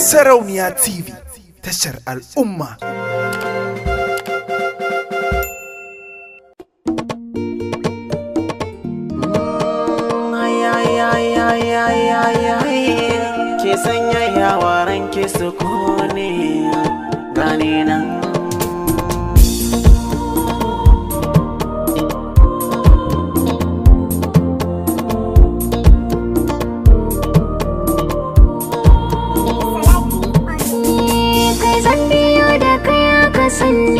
Sarauniya TV tashar al'umma. Ke sanya yawaran ke su kone. Señor.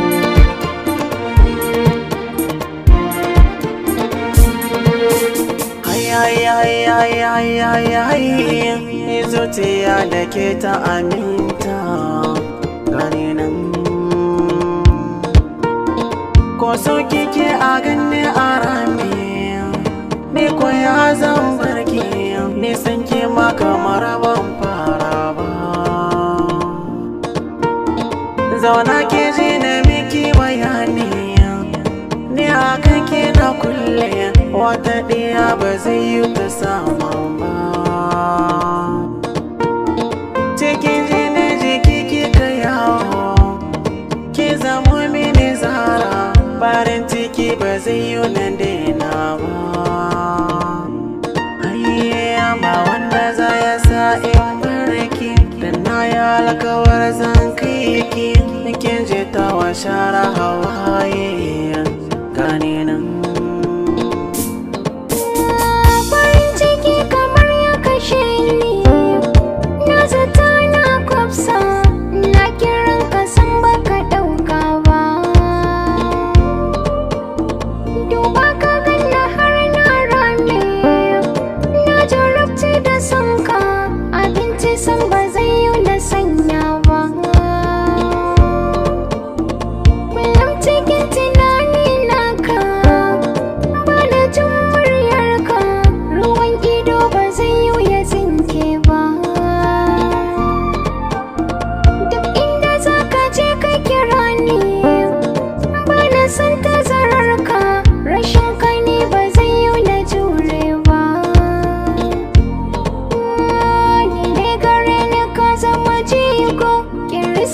yayi zuciya da ke ta aminta gani ko kike a ganni a rami ni ko ya ni san ke ma kamar ban fara ba zauna wata ɗaya ba zai yi ta sama ba cikin jini jiki kika yawo ki zama mini zara farin ciki ba zai yi nan daina ba hayya ba wanda za ya sa in barki da na yi alkawar zan kai ki nikin je ta wa shara hawaye Пока.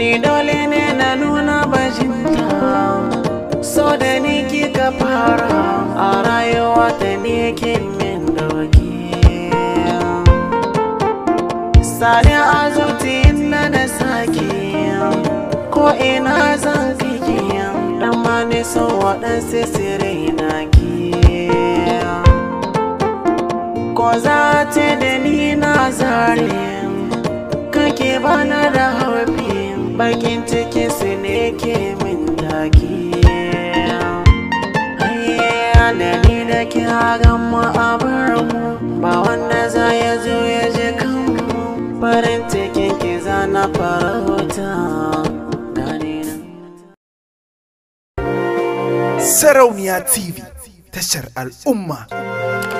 ni dole ne na nuna bajinta so da ni kika fara a rayuwa ta ne ke min doki sani a zuciyin na da sake ko ina zan kike dan ma ne so waɗansu na ki ko za ta da ni na zare kake bana da haufi bakin cikin su ne ke min takiya. Dalili da ki hagan mu a mu ba wanda za ya zo ya ji mu farin cikin ki zana farauta Sarauniya TV tashar al'umma.